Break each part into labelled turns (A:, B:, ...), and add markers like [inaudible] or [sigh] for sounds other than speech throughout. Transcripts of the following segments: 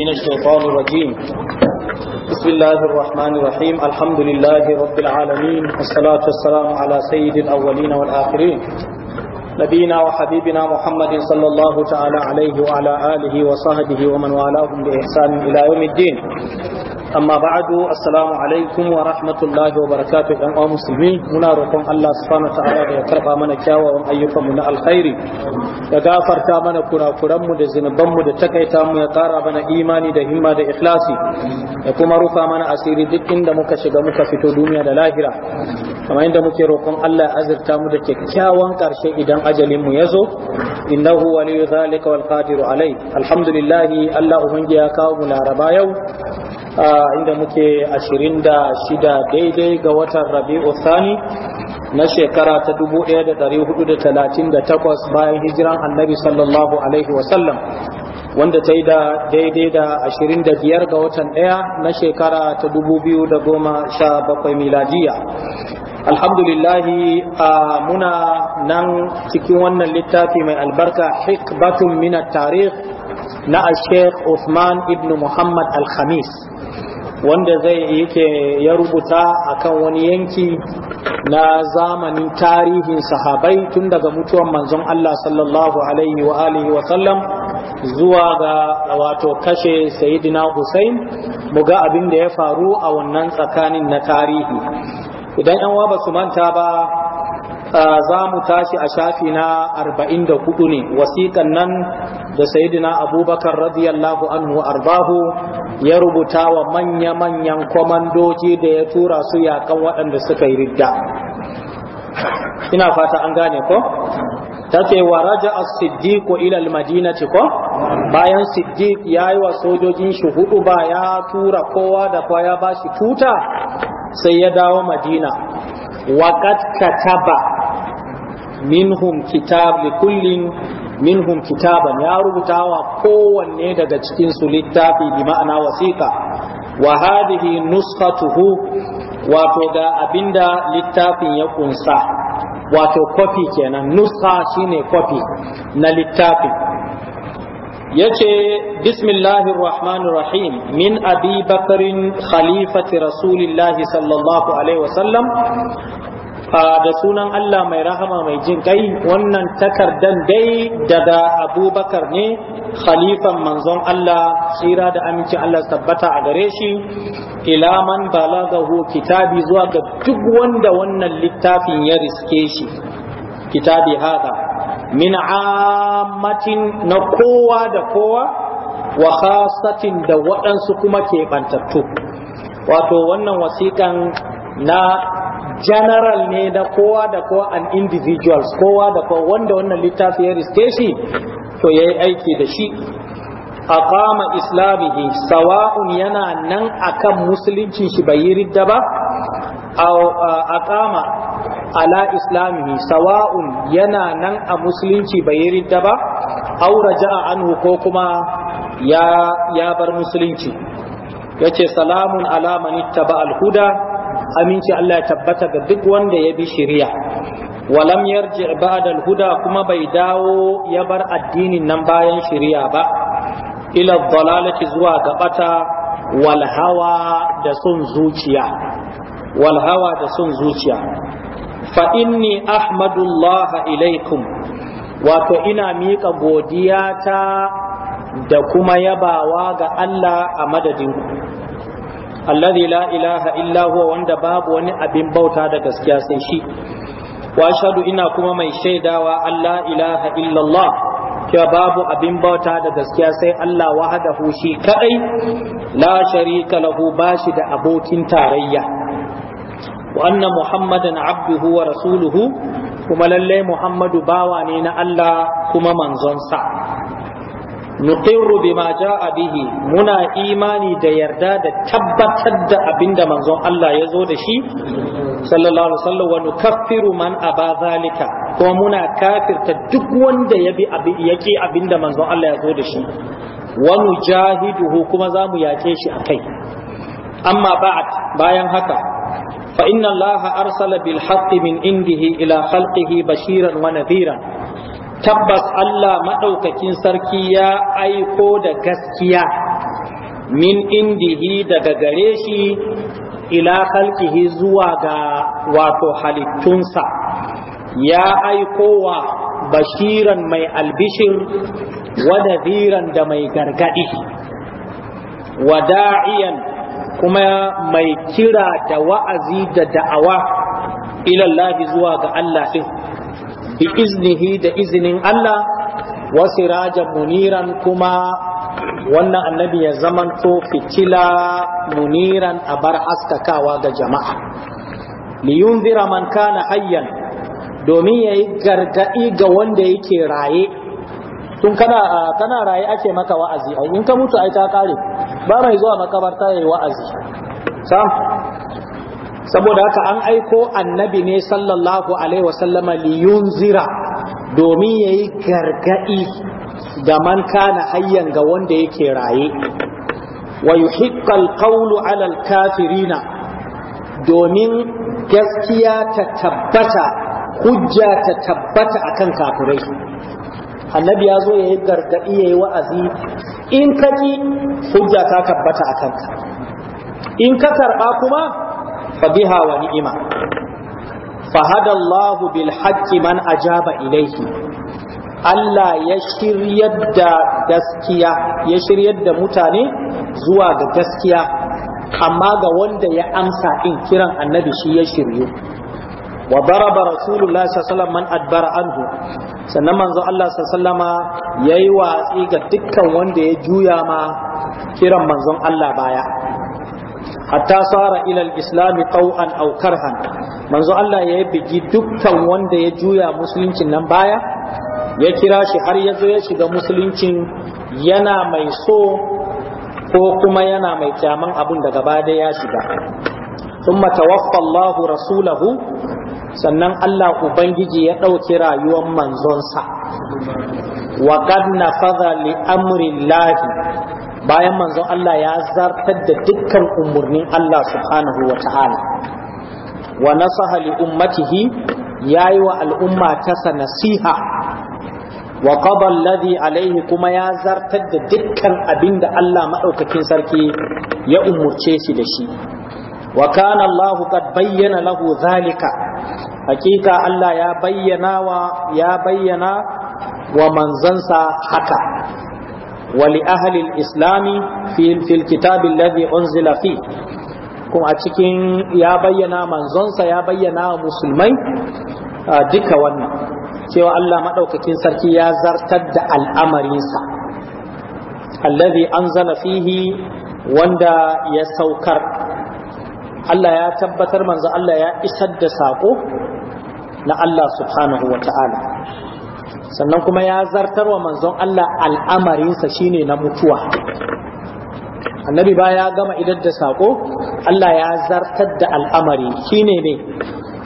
A: من الشيطان الرجيم بسم الله الرحمن الرحيم الحمد لله رب العالمين والصلاة والسلام على سيد الأولين والآخرين نبينا وحبيبنا محمد صلى الله تعالى عليه وعلى آله وصحبه ومن والاهم بإحسان إلى يوم الدين amma ba'adu assalamu alaikum wa rahmatullahi wa barakatuh yan uwan musulmi muna roƙon Allah subhanahu ta'ala da ya karɓa mana kyawawan ayyukan mu na alkhairi ya gafarta mana kurakuran mu da zinuban mu da takaita mu ya ƙara mana imani da himma da ikhlasi ya kuma rufa mana asiri duk inda muka shiga muka fito duniya da lahira kamar inda muke roƙon Allah ya azurta mu da kyakkyawan ƙarshe idan ajalin mu ya zo innahu waliyu zalika wal qadiru alai alhamdulillah Allah ubangiya kawo mu laraba yau ah, inda muke 26 daidai ga watan rabi'u thani na shekara ta 1438 bayan hijiran annabi sallallahu alaihi wasallam wanda ta yi da daidai da 25 ga watan daya na shekara ta 2017 miladiya alhamdulillahi a muna nan cikin wannan littafi mai albarka hikbatun minat tarikh na al-sheikh Uthman ibn Muhammad al-Khamis wanda zai yake ya rubuta akan wani yanki na zamanin tarihin sahabai tun daga mutuwan manzon Allah sallallahu alaihi wa alihi wa sallam zuwa ga wato kashe sayyidina Hussein ga abin da ya faru a wannan tsakanin na tarihi idan yan ba su manta ba za mu tashi a shafi na 44 ne wasiƙan nan da sayyidina Abubakar radiyallahu anhu arbahu ya rubuta wa manya-manyan kwamandoji da ya tura su yakan waɗanda suka yi ridda ina fata an gane ko ta ce wa raja as-siddiqu ila al-madinati ko bayan siddiq yayi wa sojojin shi hudu ba ya tura kowa da kowa ya bashi tuta sai ya dawo madina wa kataba minhum kitab kullum. minhum kitaban ya rubuta wa kowanne daga cikin su littafi bi ma'ana wasiqa wa hadhihi nuskhatuhu wato ga abinda littafin ya kunsa wato kwafi kenan nuskha shine kwafi na littafi. yace bismillahir rahmanir rahim min abi bakrin khalifati rasulillahi sallallahu alaihi wasallam A da sunan Allah mai rahama mai jin kai wannan takardan dai daga abubakar ne khalifan manzon Allah tsira da aminci Allah tabbata a gare shi ila man balagahu kitabi zuwa ga duk wanda wannan littafin ya riske shi kitabi hada min ammatin na kowa da kowa wa khasatin da waɗansu kuma ke bantattu wato wannan wasiƙan na general ne na kowa da kowa an individuals kowa da kowa wanda wannan littafi ya riske shi to yayi aiki da shi aqama islamihi sawa'un yana nan akan musuluncin shi bai yi ridda ba aqama ala islamihi sawa'un yana nan a musulunci bai yi ridda ba aw raja'a anhu ko kuma ya bar musulunci yace salamun ala man ba al aminci Allah ya tabbata ga duk wanda ya bi shari'a walam yarji ba'da huda kuma bai dawo ya bar addinin nan bayan shari'a ba ila dalalati zuwa ga bata wal hawa da sun zuciya wal hawa da sun zuciya fa inni ahmadullaha ilaikum wato ina miƙa godiyata da kuma yabawa ga Allah a madadinku alladhi la ilaha illa huwa wanda babu wani abin bauta da gaskiya sai shi wa ashhadu ina kuma mai shaidawa Allah ilaha illallah cewa babu abin bauta da gaskiya sai Allah wahadahu shi kadai la sharika lahu bashi da abokin tarayya wa anna muhammadan abduhu wa rasuluhu kuma lallai muhammadu bawa ne na Allah kuma manzon sa nuqirru bima jaa bihi muna imani da yarda da tabbatar da abinda manzon Allah ya zo da shi sallallahu alaihi wasallam wa nukaffiru man aba zalika kuma muna kafirta duk wanda ya bi yake abinda manzon Allah ya zo da shi wa nujahiduhu kuma zamu yace shi a kai. amma ba'd bayan haka fa inna Allah arsala bil min indihi ila khalqihi bashiran wa nadhiran tabbas Allah maɗaukakin sarki ya aiko da gaskiya min indihi daga gare shi ila halkihi zuwa ga wato halittunsa ya aiko wa bashiran mai albishir wa da mai gargaɗi, wa da'iyan kuma mai kira da wa'azi da da'awa ilallahi zuwa ga Allah bi iznihi da izinin Allah wa sirajan muniran kuma wannan annabi ya to fitila muniran a bar haskakawa ga jama'a liyunzira man kana hayyan domin yayi gargadi ga wanda yake raye tun kana kana raye ake maka wa'azi ai in ka mutu ai ta kare ba mai zuwa makabarta yayi wa'azi sam saboda haka an aiko annabi ne sallallahu alaihi wasallama liyunzira domin yayi gargadi da man kana hayyan ga wanda yake raye wa yuhiqqal qawlu ala al-kafirina domin gaskiya ta tabbata hujja ta tabbata akan kafirai annabi ya zo yayi gargadi yayi wa'azi in kaji hujja ta tabbata akan ka in ka karba kuma فبها ونعمة فهدى الله بالحق من أجاب إليه Allah ya shiryar da gaskiya ya shiryar da mutane zuwa ga gaskiya amma ga wanda ya amsa in kiran annabi shi ya shiryu wa baraba rasulullah man adbara anhu sannan manzo Allah sallama yayi watsi ga dukkan wanda ya juya ma kiran manzon Allah baya hatta sara ilal islami tau'an aukar han, manzo Allah ya bigi dukkan wanda ya juya musuluncin nan baya ya kira shi har ya zo ya shiga musuluncin yana mai so ko kuma yana mai kyaman abun da gaba da ya shiga thumma tawaffa rasulahu sannan Allah ubangiji ya ɗauki rayuwar manzonsa wa qad nafadha li amri Allah bayan manzon Allah ya zartar da dukkan umarnin Allah subhanahu wa ta'ala wa nasaha li ummatihi yayi wa al'umma tasa nasiha wa qada alayhi kuma ya zartar da dukkan abinda Allah madaukakin sarki ya umurce shi da shi wa kana Allah qad bayyana lahu zalika hakika Allah ya bayyana wa ya bayyana wa manzansa haka wali ahalil islami fil kitabin ladhi unzila fi kuma a cikin ya bayyana manzonsa ya bayyana wa musulmai duka wannan cewa Allah maɗaukakin sarki ya zartar da al'amarinsa allazi anzala fihi wanda ya saukar Allah ya tabbatar manzo Allah ya isar da saƙo na Allah subhanahu wa ta'ala sannan kuma ya zartar wa manzon Allah al'amarinsa shi ne na mutuwa annabi ba ya gama idar da sako Allah ya zartar da al'amari Shi ne ne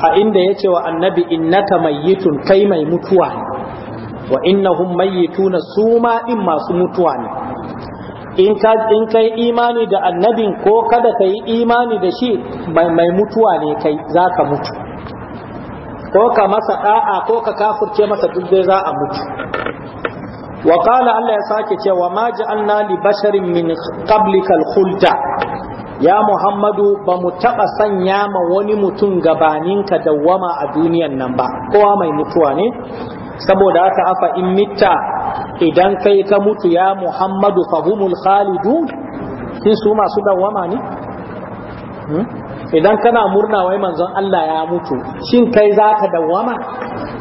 A: a inda ya ce wa annabi innaka mayyitun kai mai mutuwa wa innahum mayyituna su ma masu mutuwa ne in ka kai imani da annabin ko kada ka yi imani da shi mai mutuwa ne kai za ka mutu ko ka masa da'a ko ka kafirce masa duk dai za a mutu wa qala Allah ya sake cewa ma ja'alna li basharin min qablikal khulda ya Muhammadu ba mu taɓa sanya ma wani mutum gabanin ka dawwama a duniyan nan ba kowa mai mutuwa ne saboda haka afa in mitta idan kai ka mutu ya Muhammadu fa fahumul khalidun kin su masu dawwama ne hmm? idan kana murna wai manzon Allah ya mutu shin kai za ka dawwama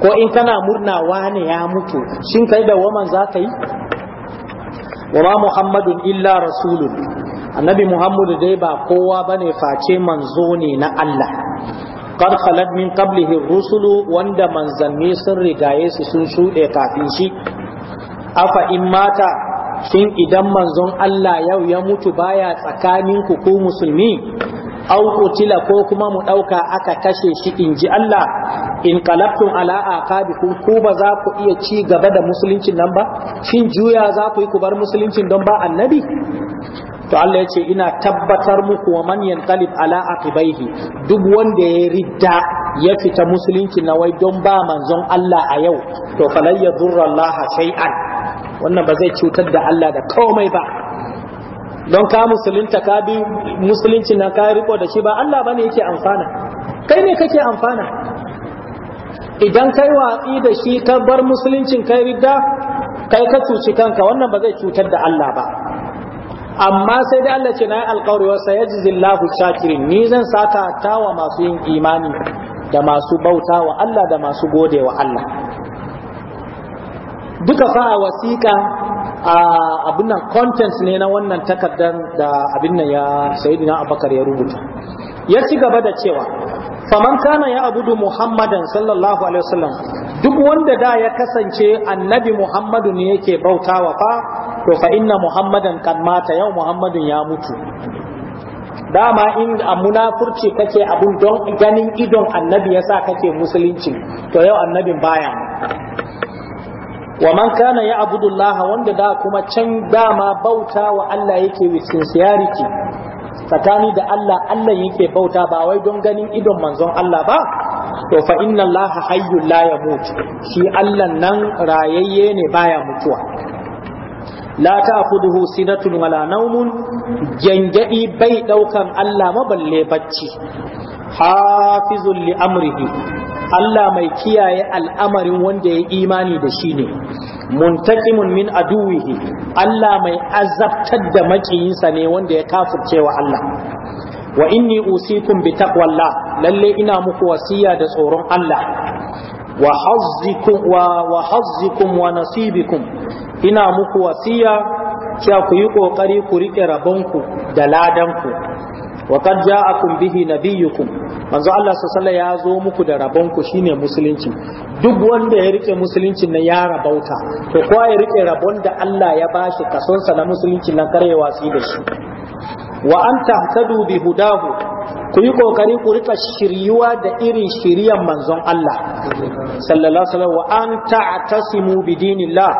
A: ko in kana murna wane ya mutu shin kai dawwaman za ka yi Wama muhammadun illa rasulun annabi muhammadu dai ba kowa bane face manzo ne na Allah Kar khalat min qablihi rusulu wanda manzanni sun rigaye su sun shuɗe kafin shi afa in mata shin idan manzon Allah yau ya mutu baya tsakanin ku musulmi au qutila ko kuma mu dauka aka kashe shi in ji Allah in qalabtum ala aqabikum ku ba za ku iya ci gaba da musuluncin nan ba shin juya za ku yi ku bar musuluncin don ba annabi to Allah ya ce ina tabbatar muku wa man yanqalib ala aqibaihi duk wanda ya ridda ya fita musulunci na wai don ba manzon Allah a yau to falan yadurra Allah shay'an wannan ba zai cutar da Allah da komai ba don ka musulunta ka bi musulunci na ka riko da shi ba Allah bane yake amfana kai ne kake amfana idan kai watsi da shi ka bar musuluncin kai ridda kai ka cuci kanka wannan ba zai cutar da Allah ba amma sai dai Allah ce na yi alkawari wa sayajizillahu shakirin ni zan saka tawa masu yin imani da masu bauta wa Allah da masu gode wa Allah duka fa a wasiƙa Ah, abin nan contents ne na wannan takardar da abin nan ya sayyidina abakar ya rubuta ya ci gaba da cewa faman kana ya abudu muhammadan sallallahu alaihi wasallam duk wanda da ya kasance annabi muhammadu ne yake bautawa fa to fa inna muhammadan kan mata yau muhammadun ya mutu dama in a munafurci kake abun don ganin idon annabi yasa kake musulunci to yau annabin baya wa man kana ya abudullah wanda da kuma can dama bauta wa Allah yake with sincerity tsakani da Allah Allah yake bauta ba wai don ganin idon manzon Allah ba to fa inna Allah hayyul la yamut shi Allah nan rayayye ne baya mutuwa la ta'khuduhu sinatun wala nawmun jangadi bai daukan Allah maballe bacci hafizul li amrihi Allah mai kiyaye al'amarin wanda ya imani da shi ne muntakimun min aduwihi Allah mai azabtar da makiyinsa ne wanda ya kafirce wa Allah wa inni usikum bi taqwallah lalle ina muku wasiya da tsoron Allah wa hazzikum wa, wa hazzikum wa nasibikum ina muku wasiya cewa ku yi kokari ku rike rabonku da ladanku wa qad ja'akum bihi nabiyyukum manzo Allah sallallahu ya zo muku da rabon ku shine musulunci duk wanda ya rike musulunci na ya rabauta to ko ya rike rabon da Allah ya bashi kason sa na musulunci na kare su da shi wa an tahtadu bi hudahu ku yi kokari ku rika shiryuwa da irin shiriyan manzon Allah sallallahu alaihi wa an ta'tasimu bi dinillah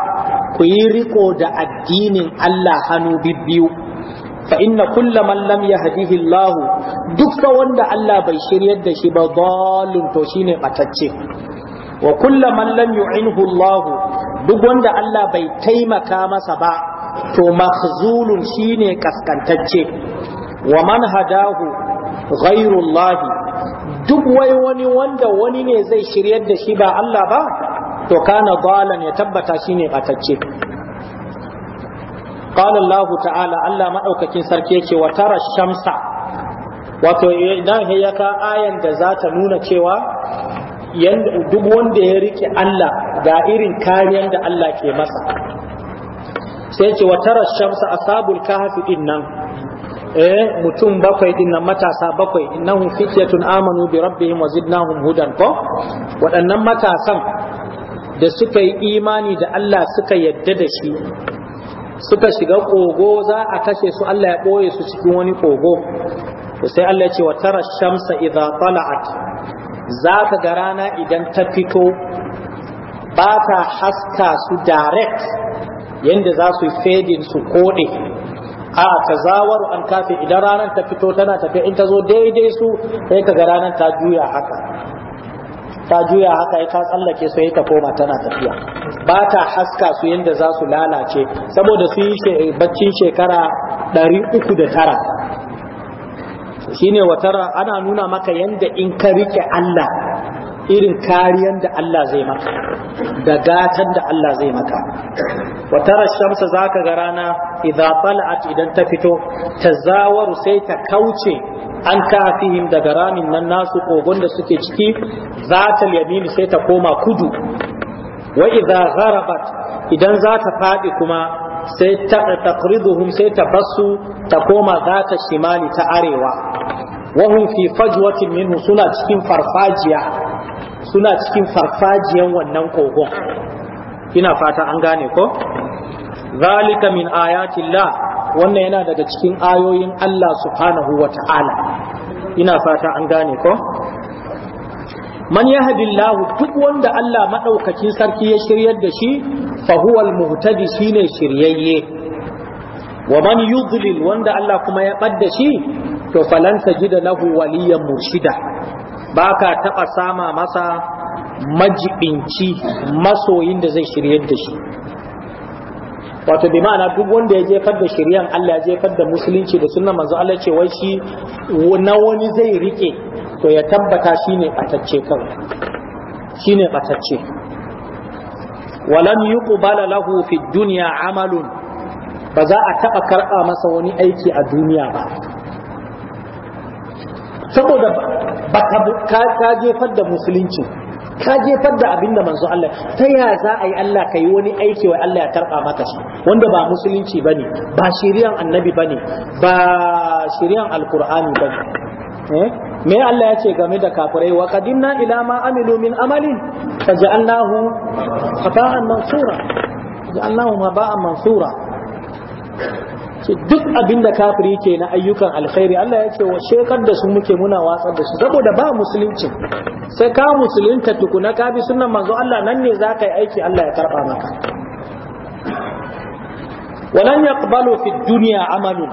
A: ku yi riko da addinin Allah hannu bibbiyu fa inna kulla man lam yahdihi Allah wanda Allah bai shiryar da shi ba dalun to shine batacce wa kulla man lam duk wanda Allah bai taimaka masa ba to makhzulun shine kaskantacce wa man hadahu ghairu duk wai wani wanda wani ne zai shiryar da shi ba Allah ba to kana dalan ya tabbata shine batacce qala Allah ta'ala Allah madaukakin sarki yace wa tara shamsa wato idan ya ka ayan da za ta nuna cewa duk wanda ya rike Allah ga irin kariyar da Allah ke masa sai ce wa tara shamsa ashabul kahfi din nan eh mutum bakwai din nan matasa bakwai innahum fityatun amanu bi rabbihim wa zidnahum hudan ko waɗannan matasan da suka yi imani da Allah suka yadda da shi suka shiga kogo za a kashe su Allah ya ɓoye su cikin wani kogo to sai Allah ya ce wa tara shamsa idza tala'at za ka ga rana idan ta fito ba ta haska su direct yanda za su fedin su kode a tazawaru an kafi idan ranar ta fito tana tafi in ta zo daidai su sai ka ga ranar ta juya haka ta juya haka ya ta tsallake su ta koma tana tafiya ba ta haska su yadda za su lalace saboda su yi baccin shekara 309 shine watara ana nuna maka yadda in ka rike Allah irin kariyan da Allah zai maka da gatan da Allah zai maka Wata rashamsa za zaka ga rana idza tala'at idan ta fito ta zawaru sai ta kauce an kafihim daga ramin nan nasu kogon da suke ciki ta yamin sai ta koma kudu wa idan gharabat idan za ta fadi kuma sai ta taqriduhum sai ta basu ta koma ta shimali ta arewa wahum fi fajwatin minhu suna cikin farfajiya suna cikin farfajiyan wannan kogon ina fata an gane ko zalika min ayatillah wannan yana daga cikin ayoyin Allah subhanahu wata'ala ina fata an gane ko man yahdillahu duk wanda Allah madaukakin sarki ya shiryar da shi fa huwa muhtadi shine shiryayye wa man yudlil wanda Allah kuma ya badda shi to falan tajida lahu waliyan murshida ba ka taɓa sama masa majibinci masoyin da zai shiryar da shi wato bi ma'ana duk wanda ya jefar da shiryan Allah ya jefar da musulunci da sunan manzo Allah ce wai shi na wani zai rike to ya tabbata shine batacce kawai shine batacce walam yuqbala lahu fi dunya amalun ba za a taɓa karɓa masa wani aiki a duniya ba saboda ka jefar da musulunci ka jefar da abinda manzo Allah ta ya za a yi Allah ka yi wani aiki wa Allah ya karba maka shi wanda ba musulunci ba ne ba shiriyan annabi ba ne ba shiriyan alkur'ani ba ne eh? me Allah ya ce game da kafirai wa qadimna ila ma amilu min amalin faj'alnahu haba'an mansura faj'alnahu haba'an mansura ce duk abin da kafiri ke na ayyukan alkhairi Allah ya ce wa shekar da su muke muna watsar da su saboda ba musulunci sai ka musulunta tukuna ka bi sunan manzo Allah nan ne za ka yi aiki Allah ya karba maka walan yaqbalu fi dunya amalu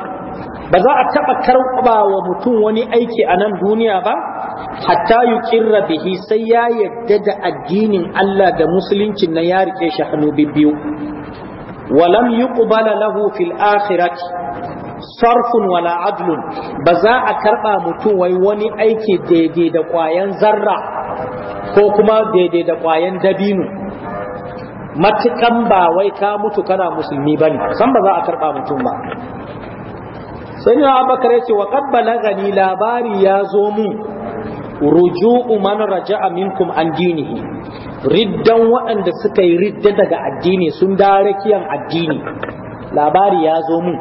A: ba za a taba karba wa mutum wani aiki a nan duniya ba hatta yuqirra bihi sai ya yadda da addinin Allah da musulunci na ya rike shi hannu biyu walam yuqbala lahu fil akhirati sarfun wala adlun ba za a karɓa mutum wai wani aiki daidai da kwayan zarra ko kuma daidai da kwayan dabino matukan ba wai ka mutu kana musulmi bane san ba za a karba mutum ba sai na abakar yace wa qad balagani labari ya zo mu ruju'u man raja'a minkum an dinihi riddan waɗanda suka yi ridda daga addini sun darakiyan addini labari ya zo mun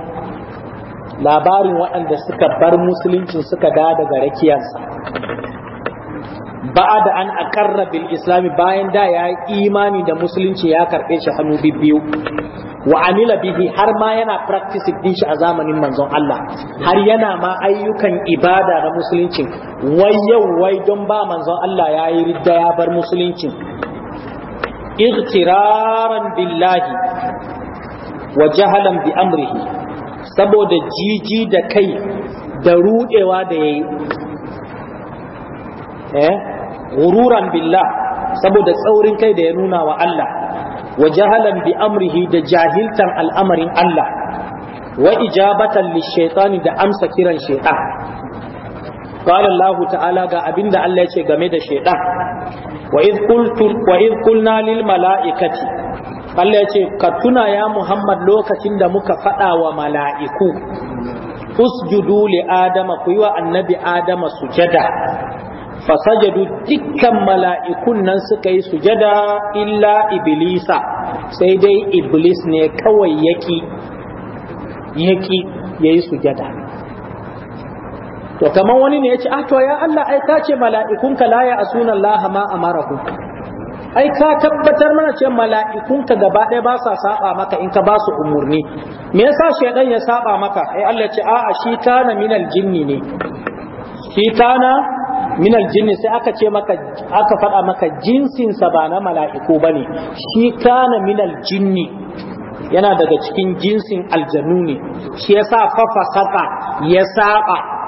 A: labarin waɗanda suka bar musuluncin suka da daga rakiyarsa ba'a da an akarra bil islami bayan da ya yi imani da musulunci ya karɓe shi hannu biyu wa amila bihi har ma yana practice din shi a zamanin manzon Allah har yana ma ayyukan ibada da musulunci wai yau wai don ba manzon Allah ya yi ridda ya bar musulunci Irtiraran billahi wa jahalan bi saboda jiji da kai da rudewa da yayi eh gururan billah saboda tsaurin kai da ya nuna wa Allah wa jahalan bi da jahiltan al'amarin Allah wa ijabatan lishaitani da amsa kiran shaitan qala Allah ta'ala ga abinda Allah yace game da shaitan wa iz mala'ikaci, wa iz qulna lil mala'ikati Allah ya ce ka tuna ya Muhammad lokacin da muka faɗa wa mala'iku usjudu li adama ku yi wa annabi adama sujada fasajadu dukkan mala'ikun nan suka yi sujada illa iblisa sai dai iblis ne kawai yaki yaki yayi sujada to kamar wani ne ya ce ah to ya Allah ai ka ce mala'ikunka la ya asuna Allah ma marahu? ai ka tabbatar mana ce mala'ikunka gaba ɗaya ba sa saba maka in ka ba su umurni me yasa shaidan ya saba maka ai Allah ya ce a'a shi kana minal jinni ne shi kana minal jinni sai aka ce maka aka faɗa maka jinsin sa ba na mala'iku bane shi kana minal jinni yana daga cikin jinsin aljanu ne shi yasa fafa saka ya saba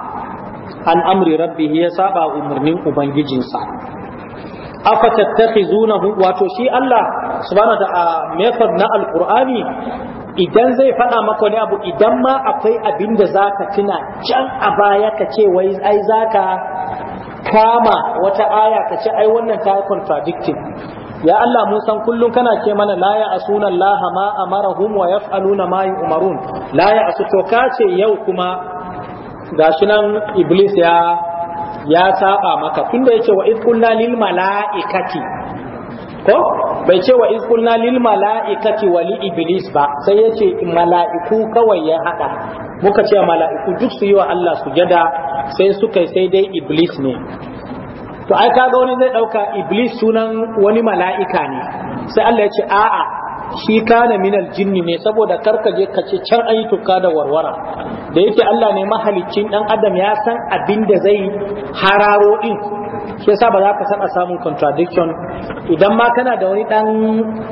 A: an amri rabbihi ya saba umarnin ubangijinsa afa zuna wato shi Allah subhanahu da method na alkur'ani idan zai faɗa maka wani abu idan ma akwai abin da ka tuna can a baya ka ce wai ai zaka kama wata aya ka ce ai wannan ta contradicting ya Allah mun san kullum kana ce mana la ya asuna Allah ma amarahum wa yaf'aluna ma yu'marun la ya asu to ce yau kuma shi nan iblis ya ya saba maka tunda yace wa izqulna lil malaikati ko bai ce wa izqulna lil malaikati wa li iblis ba sai yace mala'iku kawai ya hada muka ce mala'iku duk su yi wa Allah sujada sai suka sai dai iblis ne to ai kaga wani zai dauka iblis sunan wani mala'ika ne sai Allah ya ce a'a shi kana minal jinni ne saboda karka je ka ce can an yi tuka da warwara da yake Allah ne mahalicin dan adam ya san abin da zai hararo din shi yasa ba za ka saba samun contradiction idan ma kana da wani dan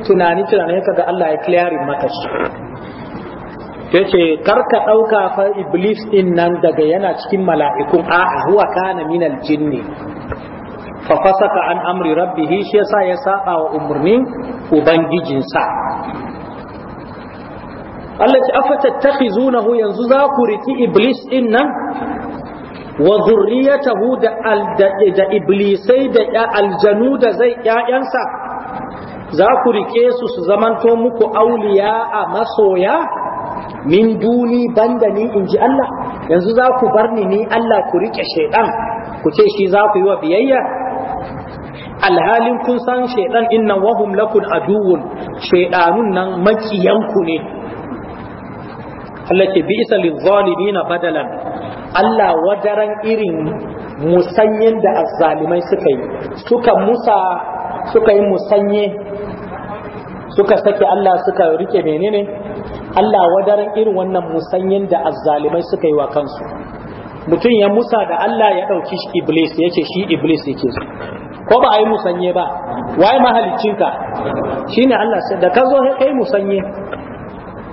A: tunani tunani ka ga Allah ya clearing maka shi yace karka dauka fa iblis din nan daga yana cikin mala'ikun a'a huwa kana minal jinni fa fasaka an amri rabbihi shi yasa ya saba wa umarnin ubangijinsa Allah ce afatattakhizunahu yanzu za ku riki iblis din nan wa zurriyatahu da da iblisai da ya aljanu da zai ƴaƴansa za ku rike su su zamanto muku auliya a masoya min duni banda ni inji Allah yanzu za ku bar ni Allah ku rike shaiɗan? ku ce shi za ku yi wa biyayya alhalin kun san shaidan inna wahum lakun aduwun shaidanun nan makiyanku ne Allah ke bi isa na badalan Allah wadaran irin musanyen da azzalimai suka yi suka musa suka yi musanye suka sake Allah suka rike menene Allah wadaran irin wannan musanyen da azzalimai suka yi wa kansu mutum ya musa da Allah ya ɗauki iblis yace shi iblis yake so ko ba a yi musanye ba waye mahalicinka shine Allah sai da ka zo sai kai musanye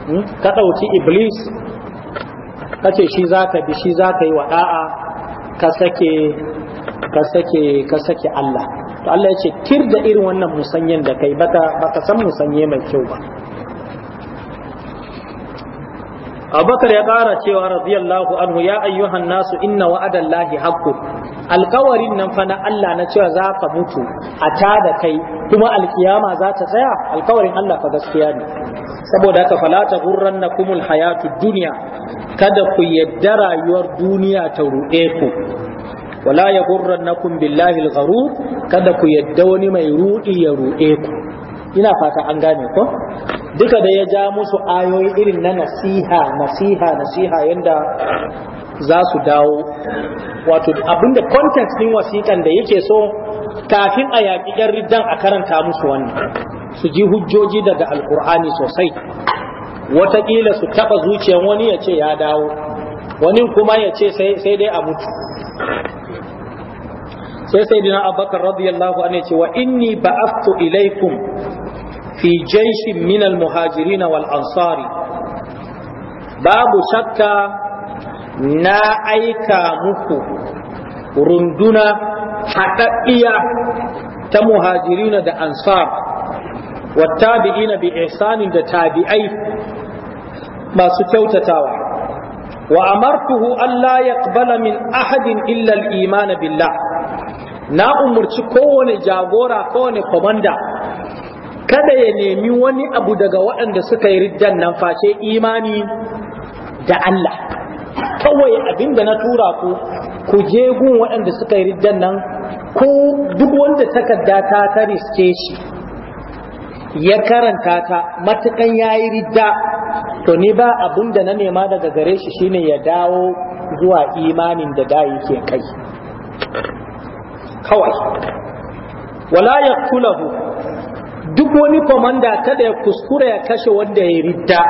A: hmm? ka ɗauki iblis ka ce shi za ka bi shi za ka yi wa ɗa'a ka sake ka sake ka sake Allah to Allah ya ce kir da irin wannan musanyen da kai baka baka san musanye mai kyau ba Abubakar ya kara cewa radiyallahu anhu ya ayyuhan nasu inna wa'adallahi haqqu alkawarin nan fa na Allah na cewa za ka mutu a tada kai kuma alkiyama za ta tsaya alkawarin Allah fa gaskiya ne saboda haka fala ta gurrannakumul hayatud dunya kada ku yadda rayuwar duniya ta ruɗe ku wala ya gurrannakum billahi algharur kada ku yadda wani mai ruɗi ya ruɗe ku ina fata an gane ko duka da ya ja musu ayoyi irin na nasiha nasiha nasiha yanda za su dawo wato abinda content din wasiƙan da yake so kafin a yaƙi ɗan riddan a karanta musu wani, su ji hujjoji daga alkur'ani sosai Watakila su taɓa zuciyar wani ya ce ya dawo wani kuma ya ce sai dai a mutu sai sai dina abakar radiyallahu anhu ce wa inni ba'aftu ilaikum fi jaishin minal muhajirina wal ansari babu shakka na aika muku runduna
B: haɗaɗɗiya
A: ta muhajirina da ansar wattabi'ina bi ihsanin da tabi'ai masu kyautatawa wa amartuhu Allah yaqbala min ahadin illar imana iman billah na umurci kowane jagora kowane komanda kada ya nemi wani abu daga waɗanda suka yi riddan nan face imani da Allah kawai abin da na tura ku ku je gun waɗanda suka yi riddan nan ko duk wanda takarda ta ta riske shi ya karanta ta matukan yi ridda to ni ba da na nema daga gare shi shine ya dawo zuwa imanin da da yake kai kawai wala ya kulahu duk wani komanda kada ya kuskura ya kashe wanda ya ridda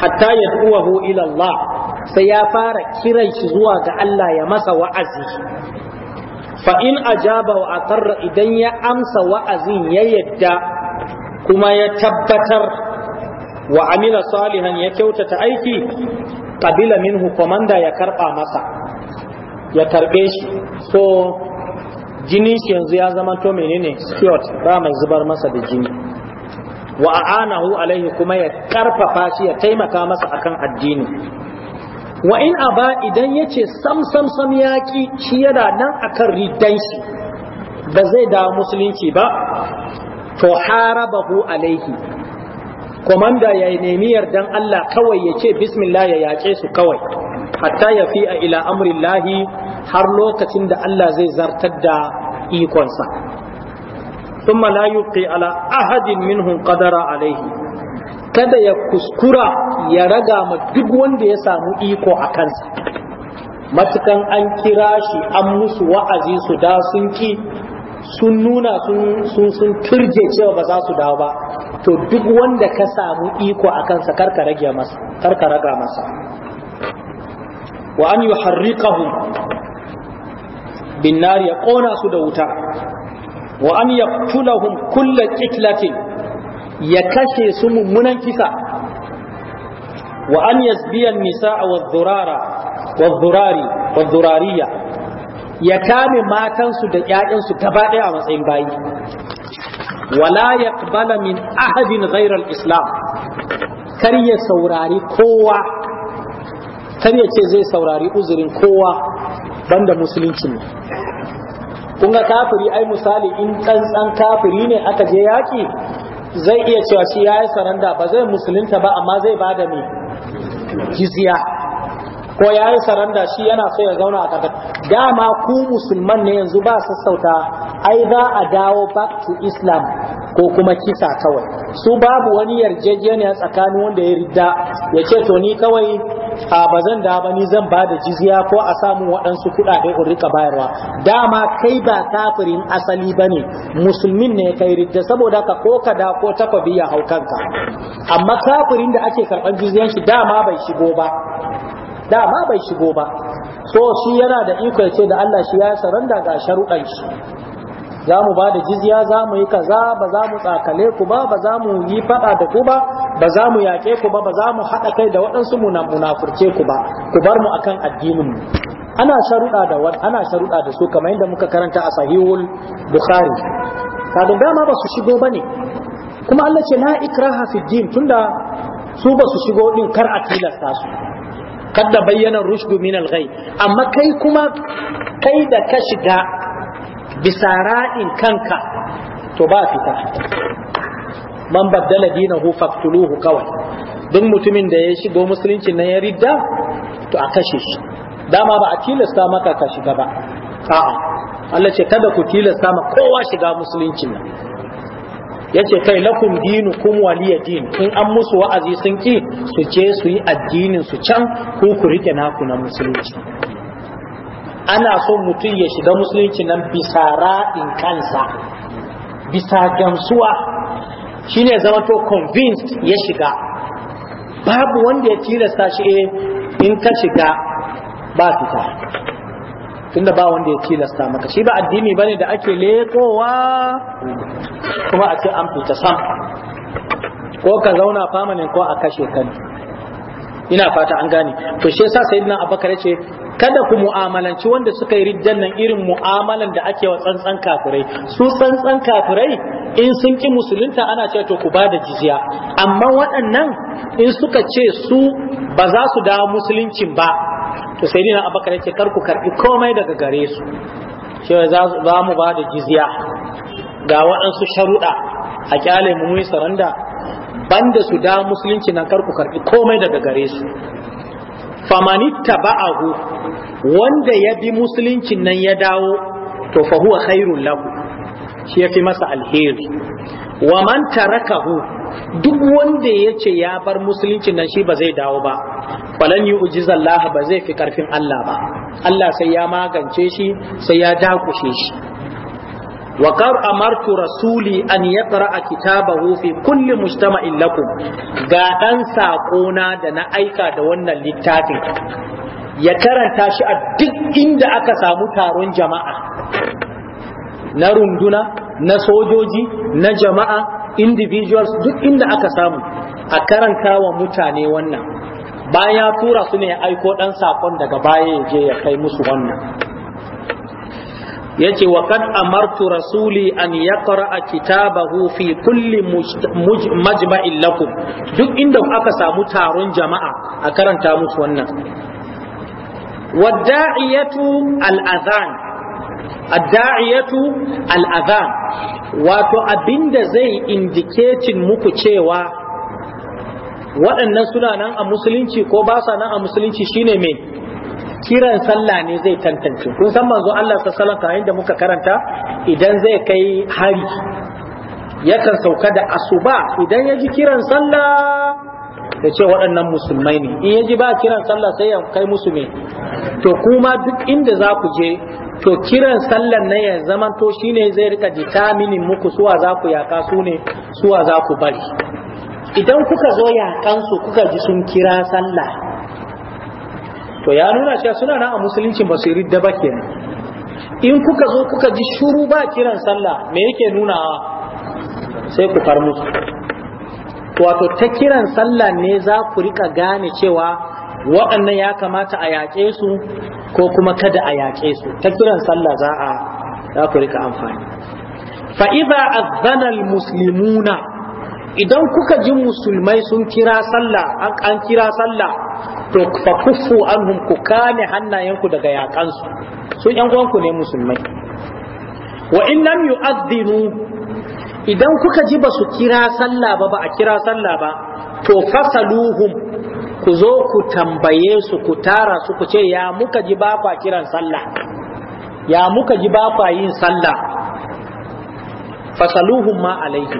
A: hatta ya yad'uhu ila Allah sai ya fara kiran shi zuwa ga Allah ya masa wa'azi fa in ajaba wa aqarra idan ya amsa wa'azin ya yadda kuma ya tabbatar wa amila salihan ya kyautata aiki qabila minhu komanda ya karba masa ya karbe shi so jinin shi yanzu ya zama to menene skewed ba mai zubar masa da jini wa a'anahu alaihi kuma ya karfafa shi ya taimaka masa akan addini wa in aba idan ya ce sam sam sam yaƙi shi yana nan akan riddan shi ba zai da musulunci ba to harabahu alaihi komanda ya nemi yardan Allah kawai ya ce bismillah ya yaƙe su kawai hatta ya fi a ila amrillahi har lokacin da Allah zai zartar da ikonsa ثم لا يبقي على أحد منهم kada ya kuskura ya raga ma duk wanda ya samu iko a kansa matukan an kira shi an musu wa'azi su da sun ki sun nuna sun sun turje cewa ba za su dawo ba to duk wanda ka samu iko a kansa karka rage masa karka raga masa wa an yuharriqahum bin nar ya kona su da wuta wa an yaqtulahum kullu qitlatin ya kashe su mummunan kisa wa an yasbiyan nisa'a wa dhurara wa dhurari wa dhurariya ya kame matansu da ƴaƴansu gaba ɗaya a matsayin bayi wala yaqbala min ahadin ghayra al-islam kar ya saurari kowa kar ya ce zai saurari uzurin kowa banda musulunci ne kun ga kafiri ai misali in tsantsan kafiri ne aka je yaki zai iya cewa shi ya yi saranda ba zai musulunta ba amma zai ba da mai jizya ko ya yi saranda shi yana so ya zauna a ƙarƙar dama ku musulman ne yanzu ba sassauta ai za a dawo back to islam ko kuma kisa kawai su babu wani yarjejeniya tsakanin wanda ya ridda ya ce to ni kawai a ba zan da ba ni zan bada jizya ko a samu waɗansu kuɗaɗe in rika bayarwa dama kai ba kafirin asali ba ne, musulmin ne kai ridda saboda ka ko ka da ko ta ya hau kanka amma kafirin da ake karɓar jizyan shi dama bai shigo ba dama bai shigo ba so shi yana da iko ce da Allah shi ya saranda ga sharuɗan shi za mu ba da jizya za mu yi kaza ba za mu tsakale ku ba ba za mu yi fada da ku ba ba za mu yaƙe ku ba ba za mu haɗa kai da waɗansu munafurce ku ba ku bar mu akan addinin mu ana sharuɗa da ana sharuɗa da su kamar yadda muka karanta a sahihul bukhari kadan dama ba su shigo bane kuma Allah ce la ikraha fi din tunda su ba su shigo din kar a tilasta su Kada bayyana rushdu min al ghayb amma kai kuma kai da ka shiga bisa raɗin kanka to ba fita man baddala dinahu faqtuluhu kawai duk mutumin da ya shigo musulunci na ya ridda to a kashe shi dama ba a tilasta maka ka shiga ba a'a Allah ce kada ku tilasta ma kowa shiga musulunci nan yace kai lakum dinukum waliya din in an musu wa'azi sun ki su je su yi addinin su can ku ku rike naku na musulunci ana so mutum ya shiga musulunci nan bisa raɗin kansa bisa gamsuwa shine zama to convinced ya shiga babu wanda ya tilasta shi eh, in ka shiga ba fita tunda ba wanda ya tilasta maka shi ba addini bane da ake lekowa kuma a ce an fita sam ko ka zauna famanin ko a kashe kan ina fata an gane to shi yasa sayyidina abubakar ce. kada ku mu'amalanci wanda suka yi riddan nan irin mu'amalan da ake wa tsantsan kafirai su tsantsan kafirai in sun ki musulunta ana ce to ku ba da jizya amma waɗannan in suka ce su ba za su dawo musuluncin ba to sai dina abakar yake kar ku karbi komai daga gare su cewa za mu ba da jizya ga waɗansu sharuɗa a kyale mu mun saranda banda su da musulunci nan karku karbi komai daga gare su famani taba'ahu wanda ya bi musuluncin nan ya dawo to fa huwa khairul lahu shi yafi masa alheri wa man tarakahu duk wanda ya ce ya bar musuluncin nan shi ba zai dawo ba falan yu'jiza Allah ba zai fi karfin Allah ba Allah sai ya magance shi sai ya dakushe shi wa qad amartu rasuli an yaqra kitabahu fi kulli mujtama'in lakum ga dan na da na aika da wannan littafin ya karanta shi a duk inda aka samu taron jama'a na runduna na sojoji na jama'a individuals duk inda aka samu a karanta wa mutane wannan bayan ya tura su ne ya aiko dan sakon daga baya ya je ya kai musu wannan yace wa kad amartu rasuli an yaqra kitabahu fi kulli majma'in lakum duk inda aka samu taron jama'a a karanta musu wannan wadda'iyatu al-adhan adda'iyatu al-adhan wato abinda zai indicating muku cewa waɗannan suna nan a musulunci ko ba sa nan a musulunci shine me kiran sallah ne zai tantance kun san manzo Allah sallallahu alaihi da muka karanta idan zai kai hari yakan sauka da asuba idan ya ji kiran sallah ya ce waɗannan musulmai ne in ya ji ba kiran sallah sai ya kai musu me to kuma duk inda za ku je to kiran sallan nan ya zaman to shine zai rika determining muku suwa za ku yaka su ne suwa za ku bari idan kuka zo yakan kuka ji sun kira sallah to ya nuna cewa suna nan a musulunci ba su yi ridda ba kenan in kuka zo kuka ji shuru ba kiran sallah me yake nuna sai ku far musu wato ta kiran sallah ne za ku rika gane cewa waɗannan ya kamata a yaƙe su ko kuma kada a yaƙe su ta kiran sallah za a za ku rika amfani fa idza azzana al idan kuka ji musulmai sun kira sallah an kira sallah to fa kufu anhum ku kame hannayenku daga yakansu sun yan uwanku ne musulmai wa in lam yu'adhdhinu idan kuka ji basu kira sallah ba ba a kira sallah ba to fasaluhum ku zo ku tambaye su ku tara su ku ce ya muka ji ba kiran sallah ya muka ji ba yin sallah fasaluhum ma alaihi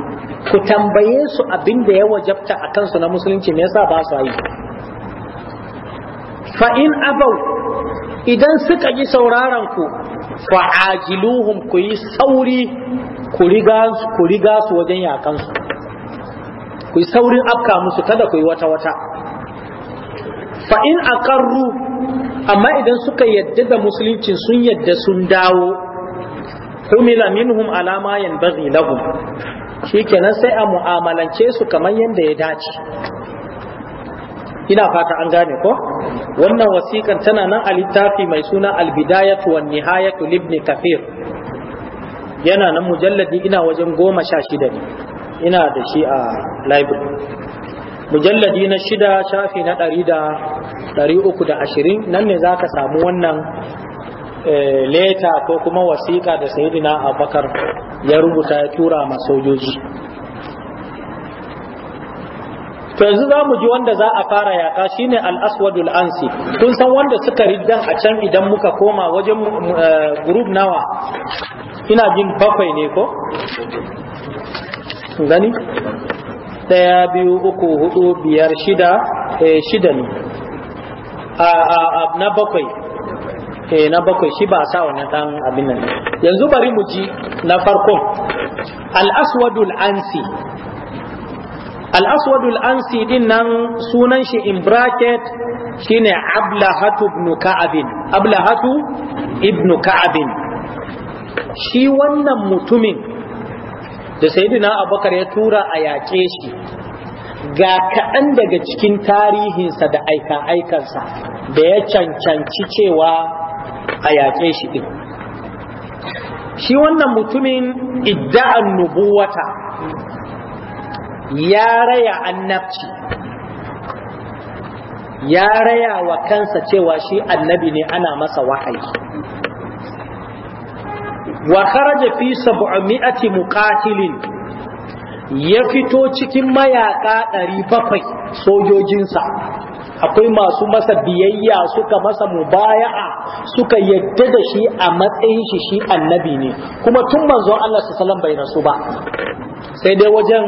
A: ku tambaye su abin da ya wajabta a kansu na musulunci me yasa ba su yi fa in abau idan suka ji sauraron ku fa ajiluhum ku yi sauri ku riga ku riga su wajen yakan ku yi saurin afka musu kada ku yi wata wata fa in aqarru amma idan suka yadda da musulunci sun yadda sun dawo humila minhum alama yanbaghi lahum shikenan sai a mu'amalance su kamar yadda ya dace ina fata an gane ko wannan wasiƙan tana nan a littafi mai suna albidayatu wan nihayatu libni kafir yana nan mujalladi ina wajen goma sha shida ne ina da shi a library mujalladi na shida shafi na ɗari da ɗari uku da ashirin nan ne za ka samu wannan Eh, leta ko kuma wasiƙa da sayidina abubakar ya rubuta ya tura ma sojoji to yanzu za mu ji wanda za a fara yaƙa shine al-aswadul ansi kun san wanda suka riddan a can idan muka koma wajen eh, group nawa ina jin bakwai ne ko gani daya biyu uku hudu biyar shida eh, shida ne na bakwai eh na bakwai shi ba a sa wannan dan abin nan yanzu bari mu ji na farko. al-aswadul ansi al ansi din nan sunan shi in bracket shine ablahatu ibn ka'ab ablahatu ibn ka'ab shi wannan mutumin da sayyidina abubakar ya tura a yaƙe shi ga kaɗan daga cikin tarihinsa da aika-aikansa da ya cancanci cewa a yaƙe shi ɗin shi wannan mutumin idda'an nubuwata ya raya annabci ya raya wa kansa cewa shi annabi ne ana masa wahayi wa kharaja fi sab'mi'ati muqatilin ya fito cikin mayaka 700 sojojinsa akwai masu masa biyayya suka masa mubaya'a suka yadda da shi a matsayin shi shi annabi ne kuma tun manzon Allah sallallahu bai rasu ba sai dai wajen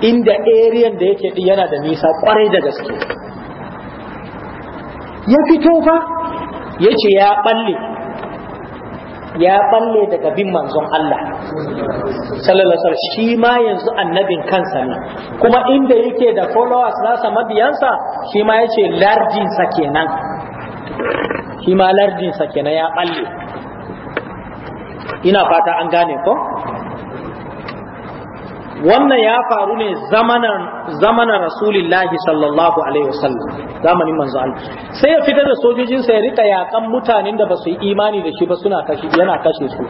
A: inda area da yake yana da nisa kwarai da gaske ya fito fa yace ya balle ya balle daga bin manzon Allah sallallahu alaihi shi ma yanzu annabin kansa ne kuma inda yake da followers sa mabiyansa shi ma yace lardin sa kenan shi ma lardin sa kenan ya balle ina fata an gane ko wannan ya faru ne zamanar rasulillahi sallallahu alaihi wasallam zamanin manzo Allah sai ya fitar da sojojin sa ya rika yakan mutanen da ba su yi imani da shi ba suna kashi yana kashe su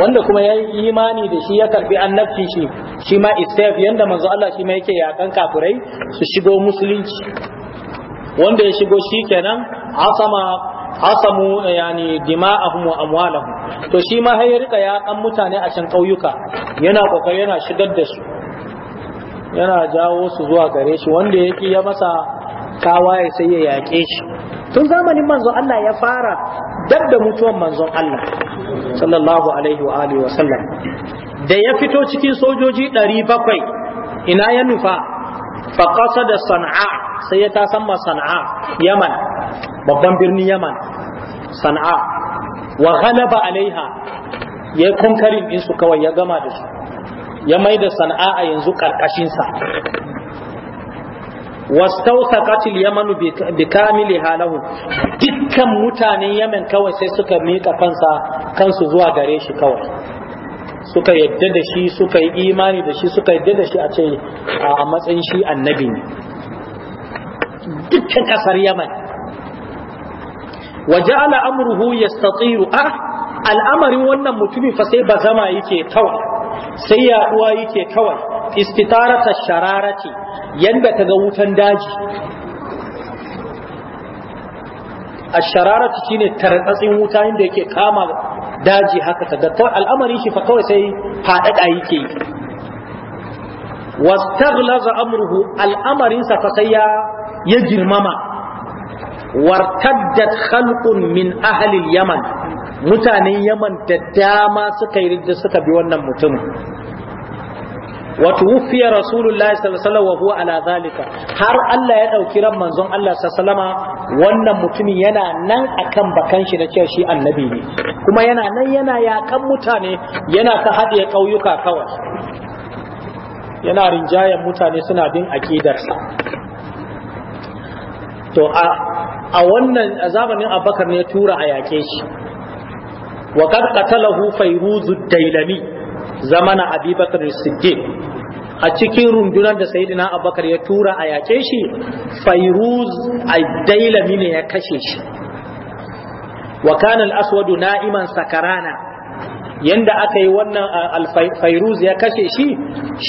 A: wanda kuma ya yi imani da shi ya karbi annabci shi shi ma istaf yanda manzo Allah shi ma yake yakan kafirai su shigo musulunci wanda ya shigo shikenan asama asamu yani dima'ahum wa amwalahum to shi ma har ya rika ya mutane a can kauyuka yana kokari yana shigar da su yana jawo su zuwa gare shi wanda yake ya masa kawaye sai ya yaƙe shi tun zamanin manzon Allah ya fara dab da mutuwan manzon Allah sallallahu alaihi wa alihi wa sallam da ya fito cikin sojoji 700 ina ya nufa faƙasa da san'a sai ya tasamma sana'a yaman babban birnin yaman sana'a wa ghalaba alaiha ya yi kunkarin su kawai ya gama da su ya mai da sana'a a yanzu ƙarƙashinsa wastausa katil yamanu bi kamili halahu dukkan mutanen yamen kawai sai suka miƙa kansa kansu zuwa gare shi kawai suka yadda da shi suka yi imani da shi suka yadda da shi a ce a matsayin shi annabi ne dukkan kasar yaman waje ala amruhu yastatiru ah al'amarin wannan mutumin fa sai ba zama yake kawai sai yaduwa yake kawai istitarata shararati yanda ga wutan daji ashararatu shine tarkatsin wuta inda yake kama daji haka kaga kawai al'amari shi fa kawai sai fadada yake wastaghlaza amruhu al'amarin sa fa sai ya girmama wartaddat khalqun min ahli al-yaman Mutane yaman da dama suka yi da suka bi wannan mutum wato wufiya rasulullahi sallallahu wa huwa ala zalika har Allah ya dauki ran manzon Allah sallama wannan mutumin yana nan akan bakan shi na cewa shi annabi ne kuma yana nan yana yakan mutane yana ta haɗe kauyuka kawai yana rinjayen mutane suna bin akidarsa to a wannan zamanin abakar ne ya tura a yaƙe shi wa qad qatalahu fayruz ad-dailami zamana abi bakr as-siddiq a cikin rundunar da sayyidina abubakar ya tura a yaƙe shi fayruz ad-dailami ne ya kashe shi wa kana al-aswadu na'iman sakarana yanda aka yi wannan alfairuz ya kashe shi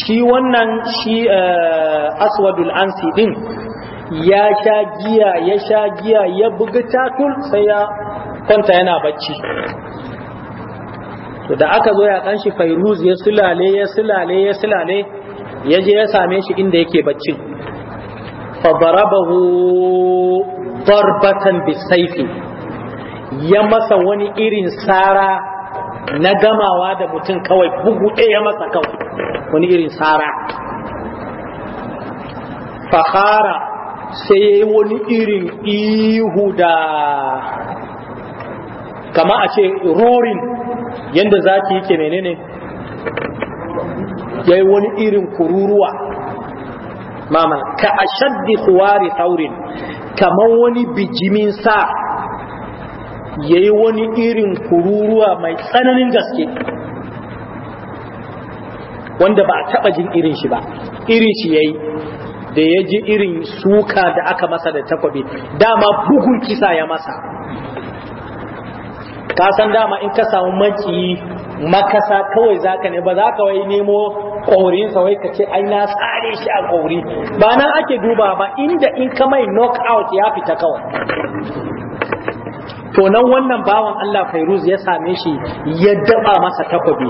A: shi wannan shi eh, aswadul ansi ya sha giya ya sha giya ya buga tatul sai ya kwanta yana bacci to da aka zo ya shi fairuz ya sulale ya sulale ya sulale ya je ya same shi inda yake baccin fa darabahu darbatan bisayfi ya masa wani irin sara na gamawa da mutum kawai bugu ɗaya ya masa kawai wani irin sara fahara sai ya yi wani irin ihu da kama a ce rorin yadda zaki yake menene ya yi wani irin kururuwa mama ka a shaddi kuwari taurin kamar wani bijimin sa ya yi wani irin kururuwa mai tsananin gaske wanda ba a taɓa jin irin shi ba irin shi ya yi da ya ji irin suka da aka masa da takwabi dama bugun kisa ya masa ka san dama in ka samu maki makasa kawai zaka ne ba za ka wai nemo sa wai ka ce ai na tsare shi a ƙori ba nan ake duba ba inda in ka mai out ya fita kawai to nan wannan bawan Allah Fairuz ya same shi ya daba masa takobi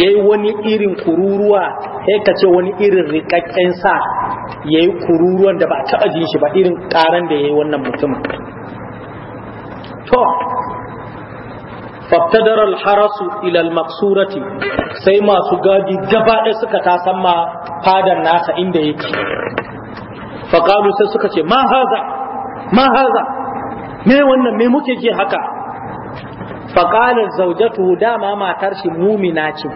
A: yayi wani irin kururuwa sai ka ce wani irin rikakken sa yayi kururuwan da ba taba jin shi ba irin karan da yayi wannan mutumin to faftadar Harasu ilal maksurati sai masu gadi gabaɗe suka tasan fadan nasa inda yake faƙalu sai suka ce ma haza me wannan me muke ji haka faƙalar zaujatu dama matar shi mumina ce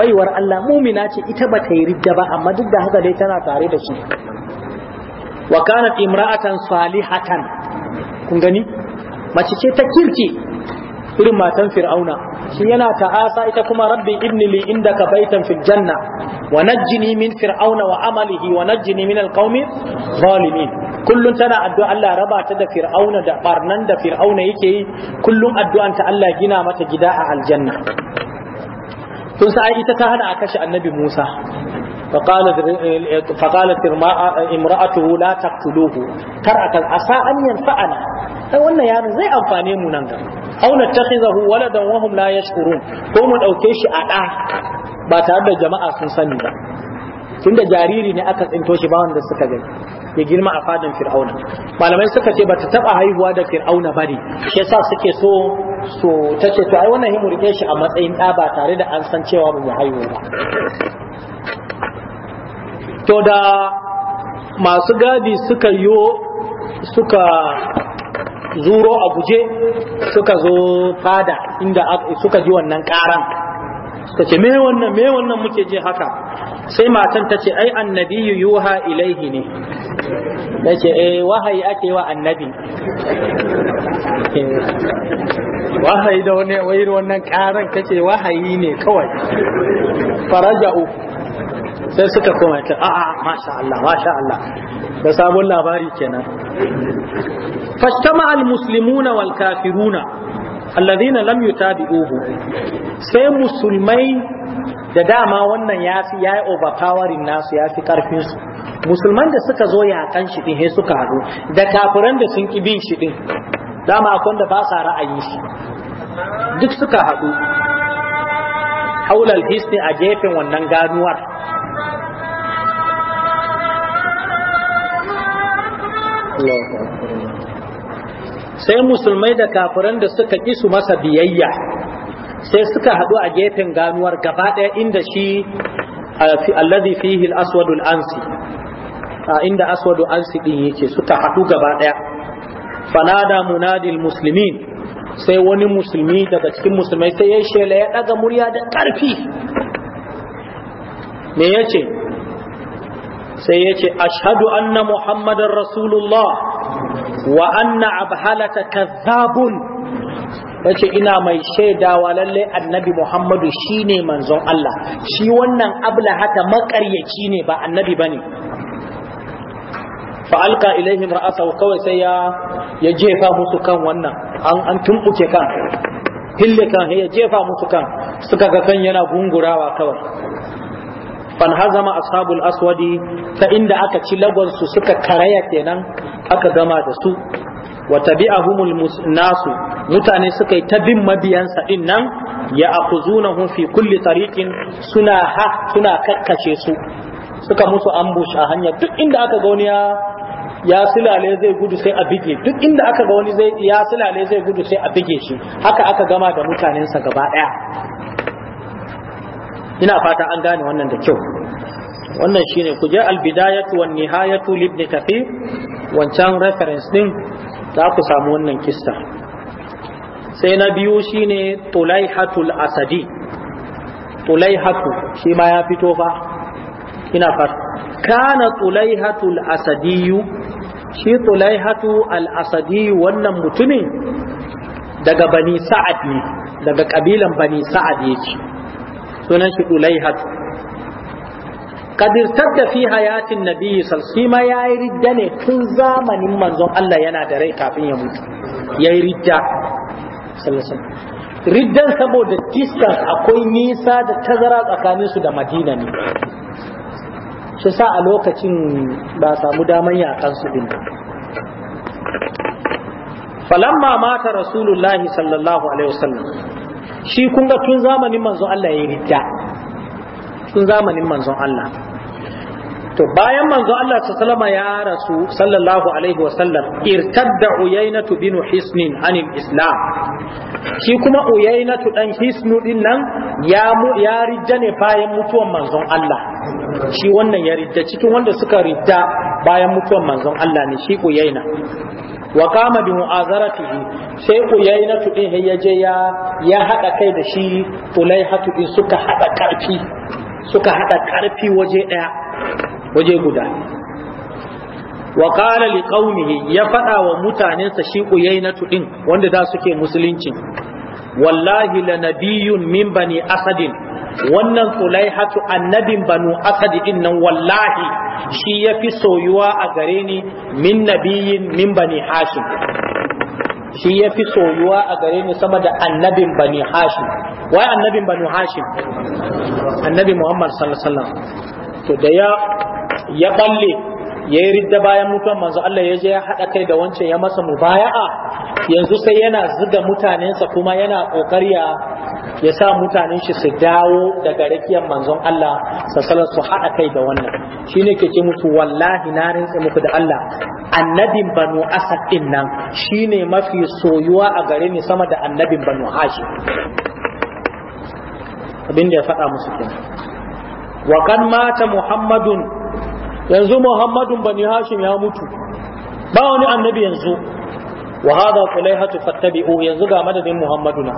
A: baiwar Allah mumina ce ita ba yi ridda ba amma duk da haka dai tana tare da shi wa kanat imra'atan salihatan kun gani mace ce ta kirki irin matan fir'auna shi yana ta'asa ita kuma rabbi ibni li indaka baitan fil janna wa najjini min fir'auna wa amalihi wa najjini min alqaumi zalimin kullun tana addu'a Allah raba ta da fir'auna da barnan da fir'auna yake yi kullun addu'an ta Allah gina mata gida a aljanna Tun sa ita ta hana a kashe annabi Musa فقالت امرأته لا تقتلوه كرأة عسى أن ينفعنا أي wannan yaron zai amfani mu nan gaba aw nattakhizahu waladan wa hum la yashkurun ko mu ɗauke shi a da ba tare da jama'a sun sani ba tunda jariri ne aka tsinto shi ba wanda suka gani ya girma a fadin fir'auna malamai suka ce bata taba haihuwa da fir'auna bane shi yasa suke so so tace to ai wannan himurke shi a matsayin da ba tare da an san cewa ba mu haihu ba to da masu gadi suka yi suka zuro a guje suka zo fada inda suka ji wannan karan suka ce me wannan me wannan muke je haka sai matan ta ce ai annabi yuha ilaihi ne Ta ce eh wahayi ake wa annabi
B: [laughs]
A: wahayi da wani wannan karan kace wahayi ne kawai faraja'u sai suka koma ta a a masha Allah masha Allah da sabon labari kenan fashtama almuslimuna wal kafiruna alladhina lam yutabi'uhu sai musulmai da dama wannan ya fi yayi overpowering nasu ya fi karfin su musulman da suka zo yakan shi din sai suka hadu da kafiran da sun ki bin shi din dama akwai da ba sa ra'ayi shi duk suka hadu haulal hisni a gefen wannan ganuwar sai musulmai da kafiran da suka ƙi su masa biyayya sai suka haɗu a gefen ganuwar gaba ɗaya inda shi allazi fihi al-aswad al-ansi inda aswad al-ansi din yake suka haɗu gaba ɗaya fanada munadil muslimin sai wani musulmi daga cikin musulmai sai ya shela ya daga murya da ƙarfi me yace sai ya ce ashadu anna muhammadin rasulullah wa anna abhalata kazzabun ya ina mai shaidawa lalle annabi muhammadu shine manzon Allah shi wannan ablahata makaryaci ne ba annabi bane fa'alka ilaihim ra'asahu kawai sai ya ya jefa musu kan wannan an an tumbuke kan hille kan ya jefa musu kan suka ga kan yana gungurawa kawai fan hazama ashabul aswadi ta inda aka ci lagon su suka karaya kenan aka gama da su wa tabi'ahumul nasu mutane suka yi ta bin mabiyansa din nan ya akuzunahu fi kulli tariqin suna ha suna kakkace su suka musu ambush a hanya duk inda aka ga wani ya ya silale zai gudu sai a bige duk inda aka ga wani zai ya silale zai gudu sai a bige shi haka aka gama da mutanensa gaba daya ina fata an gane wannan da kyau wannan shine ku je albidayatu wan nihayatu libni kathir wancan reference din za ku samu wannan kista sai na biyu shine tulaihatul asadi tulaihatu shi ma ya fito fa ina fata kana tulaihatul asadiyu shi tulaihatu al asadiyu wannan mutumin daga bani sa'ad ne daga kabilan bani sa'ad yake sunan shi ulaihat قد ارتد hayatin حياة النبي صلى الله عليه وسلم يا رجال كل zamanin manzon Allah yana da rai kafin ya mutu, ya yi ridda. عليه وسلم رجال distance akwai nisa da tazara tsakanin su da Madina ne shi sa a lokacin ba samu daman yakan su din falamma mata rasulullahi sallallahu alaihi wasallam shi kunga tun zamanin manzon Allah ya yi ridda tun zamanin manzon Allah to bayan manzo Allah salama ya rasu sallallahu alaihi wa sallam irtadda uyainatu bin hisnin anil islam shi kuma uyainatu dan hisnu din nan ya ya rijja ne bayan mutuwan manzon Allah shi wannan ya rijja cikin wanda suka rijja bayan mutuwan manzon Allah ne shi uyaina wa kama bi mu'azaratihi sai uyainatu din ya je ya ya hada kai da shi ulaihatu din suka hada karfi suka hada karfi waje daya waje guda wa qala li qaumihi ya fada wa sa shi kuyainatu din wanda da suke musulunci wallahi la nabiyyun min bani asadin wannan tulaihatu annabin banu asad din nan wallahi shi yafi soyuwa a gare ni min nabiyyin min bani hashim shi yafi soyuwa a gare ni sama da annabin bani hashim wai annabin banu hashim annabi muhammad sallallahu alaihi wasallam to da ya ya balle ya yi ridda bayan mutuwan manzo Allah ya je ya haɗa kai da wancan ya masa mubaya'a yanzu sai yana zuga mutanensa kuma yana ƙoƙari ya sa mutanen shi su dawo daga rakiyar manzon Allah sassalar su haɗa kai da wannan shi ne ke ce musu wallahi na rintse muku da Allah annabin banu asad din nan shi ne mafi soyuwa a gare ni sama da annabin banu hashi abin da ya faɗa musu kenan wa kan mata muhammadun yanzu muhammadun bani hashim ya mutu ba wani annabi yanzu wa hada qulaihatu fattabi'u yanzu ga madadin muhammaduna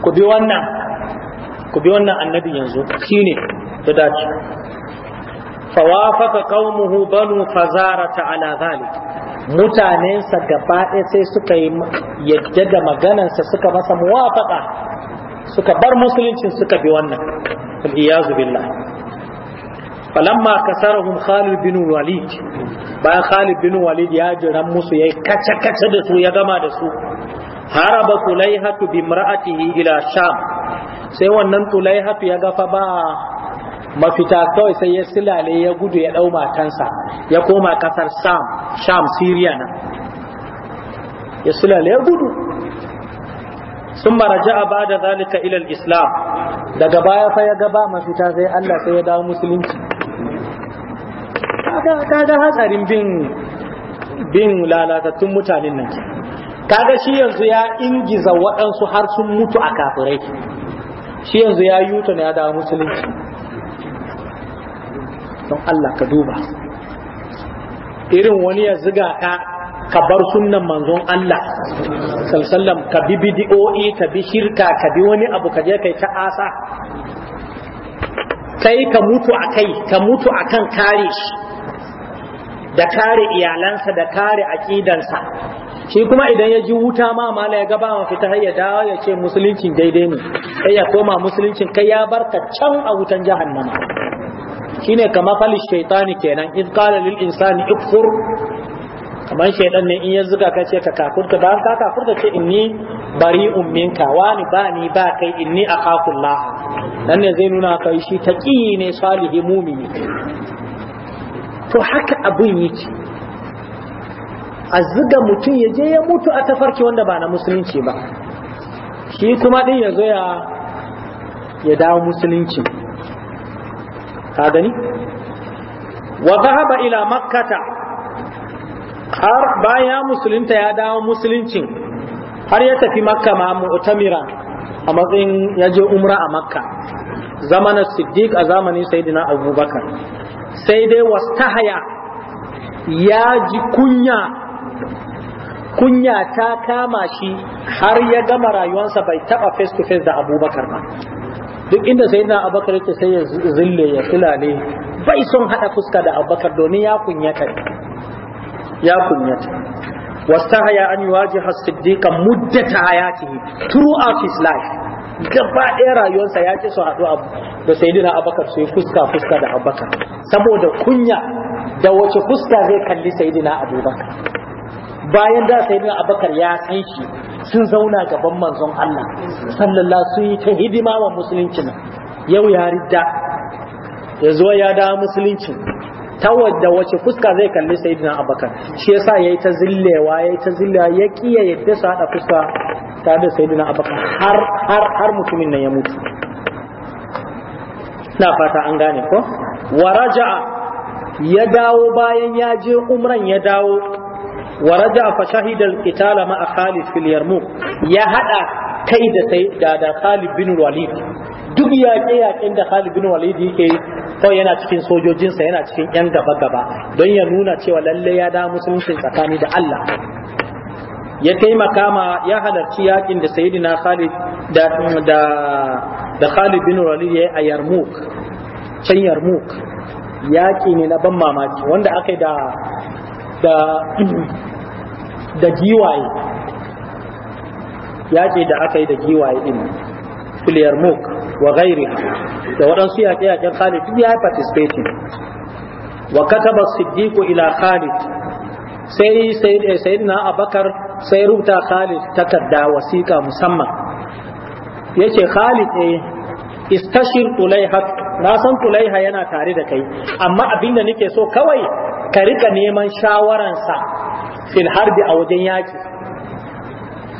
A: ku bi wannan ku bi wannan annabi yanzu shine ta dace fawafaqa qaumuhu banu fazarata ala zalik mutanensa gaba ɗaya sai suka yi yadda da maganarsa suka masa muwafaqa suka bar musuluncin suka bi wannan iyazu billah falamma kasarahum Khalid bin Walid bayan Khalid bin Walid ya jiran musu yayi kace kace da su ya gama da su haraba Tulaihatu bi imra'atihi ila Sham sai wannan Tulaihatu ya gafa ba mafita kawai sai ya silale ya gudu ya dau matansa ya koma kasar Sham Sham Syria na ya silale ya gudu sun maraja ba bada zalika ilal islam daga baya fa ya gaba mafita sai Allah sai ya dawo musulunci kaga ga hatsarin bin bin lalatattun mutanen nan kaga shi yanzu ya ingiza waɗansu har sun mutu a kafirai shi yanzu ya yuto ne ya dawo musulunci don Allah ka duba irin wani ya ziga ka ka bar sunan manzon Allah sallallahu ka bi bid'o'i ka bi shirka ka bi wani abu ka je kai ta asa kai ka mutu a kai ka mutu akan kare shi da kare iyalansa da kare aƙidansa shi kuma idan ya ji wuta ma mala ya gaba wa fita ya dawo ya ce musuluncin daidai ne sai ya koma musuluncin kai ya barka can a wutan jahannama shine kama fali shaitani kenan in qala lil insani ikfur kamar shaitan ne in ya zuga ka ce ka kafurta ba ka kafurta ce inni bari'un minka wani ba ni ba kai inni akhafullah dan ne zai nuna kai shi taqi ne salihi mumini to haka abun yake a ziga mutum ya je ya mutu a tafarki wanda ba na musulunci ba shi kuma din ya zo ya dawo musulunci ka gani wa ba ila makkata har baya musulunta ya dawo musuluncin har ya tafi makka ma a matsayin ya je umra a makka zamanin siddiq a zamanin sayyidina abubakar sai dai wastahaya ya ji kunya kunya ta kama shi har ya gama rayuwansa bai taba face to face da abubakar ba duk inda sai na abubakar yake sai ya zille ya filale bai son hada fuska da abubakar domin ya kunyata ya kunyata wastahaya an yuwajiha siddiqa muddat hayatihi throughout his life gaba ɗaya rayuwarsa ya ce su haɗu abu, da sayidina abakar su yi fuska fuska da abakar saboda kunya da wace fuska zai kalli sayidina abubakar bayan da sayidina abakar ya san shi sun zauna gaban manzon Allah sallallahu su yi ta hidima wa musulunci yau ya ridda ya zo ya da musulunci ta wadda wace fuska zai kalli sayidina abakar shi yasa yayi ta zillewa yayi ta zillewa ya kiyaye yadda su haɗa fuska ta da sayyidina abubakar har mutumin nan ya mutu na fata an gane ko wa raja'a ya dawo bayan ya je umran ya dawo wa raja'a fa shahida al qital ma Khalid fil yarmuk ya hada kai da sai da da Khalid bin Walid duk yaƙe yaƙen da Khalid bin Walid yake kawai yana cikin sojojinsa yana cikin yan gaba gaba don ya nuna cewa lalle ya da musulunci tsakani da Allah ya taimaka ma ya halarci yakin da sayyidina Khalid da da da Khalid bin Walid ya a Yarmouk can Yarmouk yaki ne na ban mamaki wanda aka da da da giwaye yaki da aka yi da giwaye din fil Yarmouk wa ghairi da waɗansu yaƙe-yaƙen Khalid duk ya participating wa kataba Siddiq ila Khalid sai sayyidina Abakar sai rubuta Khalid takarda wasiƙa musamman yace Khalid eh istashir Tulaiha na san Tulaiha yana tare da kai amma abin da nake so kawai ka rika neman shawaransa fil harbi a wajen yaki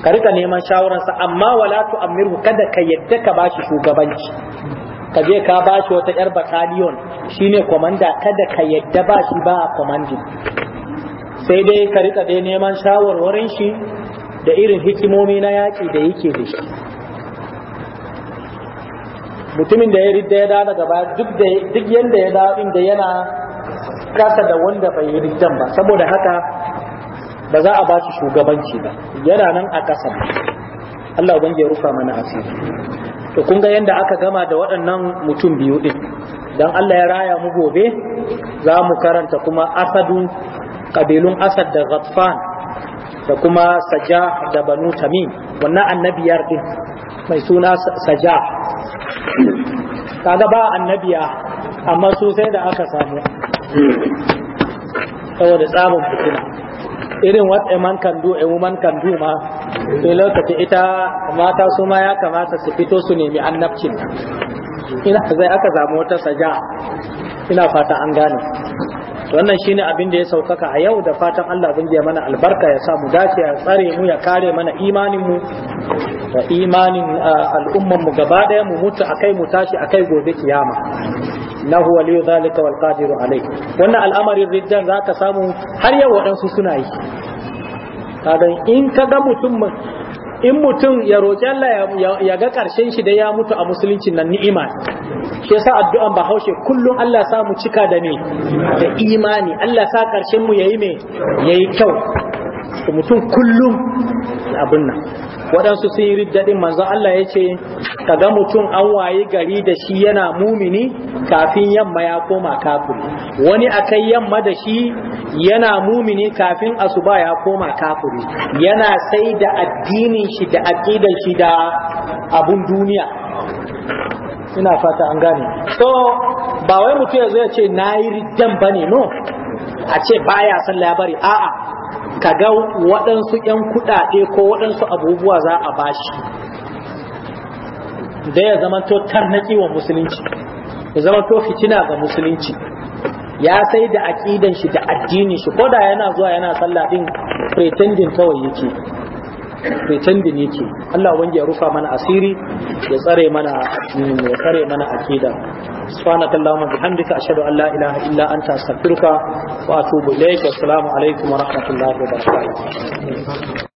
A: ka rika neman shawaransa amma wala amiru kada ka yadda ka bashi shugabanci ka je ka bashi wata yar bataliyon shine komanda kada ka yadda bashi ba a commanding sai dai ka rika dai neman shawarwarin shi da irin hikimomi na yaƙi da yake da shi mutumin da ya rida ya dawo daga duk yadda ya dawo inda yana kasa da wanda bai yi riddan ba saboda haka ba za a ba shi shugabanci ba yana nan a ƙasa Allah ban ya rufa mana asiri to kun ga yadda aka gama da waɗannan mutum biyu din dan Allah ya raya mu gobe za mu karanta kuma asadun ƙabilun asad da ghatfan da kuma saja da banu tamim wannan annabiyar din mai suna saja kaga ba annabiya amma su sai da aka samu saboda tsamin fitina irin what a man can do a woman can do ma sai lokaci ita mata su ma ya kamata su fito su nemi annabcin ina zai aka samu wata saja ina fata an gane wannan shine abin da ya saukaka a yau da fatan Allah zai ya mana albarka ya sa mu dace ya tsare mu ya kare mana imanin mu da imanin al'umman mu gaba daya mu mutu akai mu tashi akai gobe kiyama nahu waliyu zalika wal qadiru alai wannan al'amarin riddan zaka samu har yau waɗansu suna yi in ka ga mutum in mutum ya roƙi Allah ya ga ƙarshen shi da ya mutu a musulunci nan ni'ima shi yasa addu'an bahaushe kullum Allah sa mu cika da ne da imani Allah sa ƙarshen mu yayi me yayi kyau mutum kullum abin nan waɗansu sun yi riddadin manzo Allah ya ce kaga mutum an waye gari da shi yana mumini kafin yamma ya koma kafiri wani akai yamma da shi yana mumini kafin asuba ya koma kafiri yana sai da addinin shi da aqidan shi da abun duniya ina fata an gane so ba wai mutum ya ya ce nayi yi riddan bane no a ce baya ya labari a'a ka ga waɗansu 'yan kuɗaɗe ko waɗansu abubuwa za a bashi da ya zamanto tarnaki wa musulunci ya zamanto fitina ga musulunci ya sai da aƙidan shi da addinin shi ko da yana zuwa yana sallah din pretending kawai yake pretending yake Allah wange ya rufa mana asiri ya tsare mana mm, ya tsare mana akida subhanaka allahumma bihamdika ashhadu an la ilaha illa anta astaghfiruka wa atubu ilayk assalamu alaikum wa rahmatullahi wa barakatuh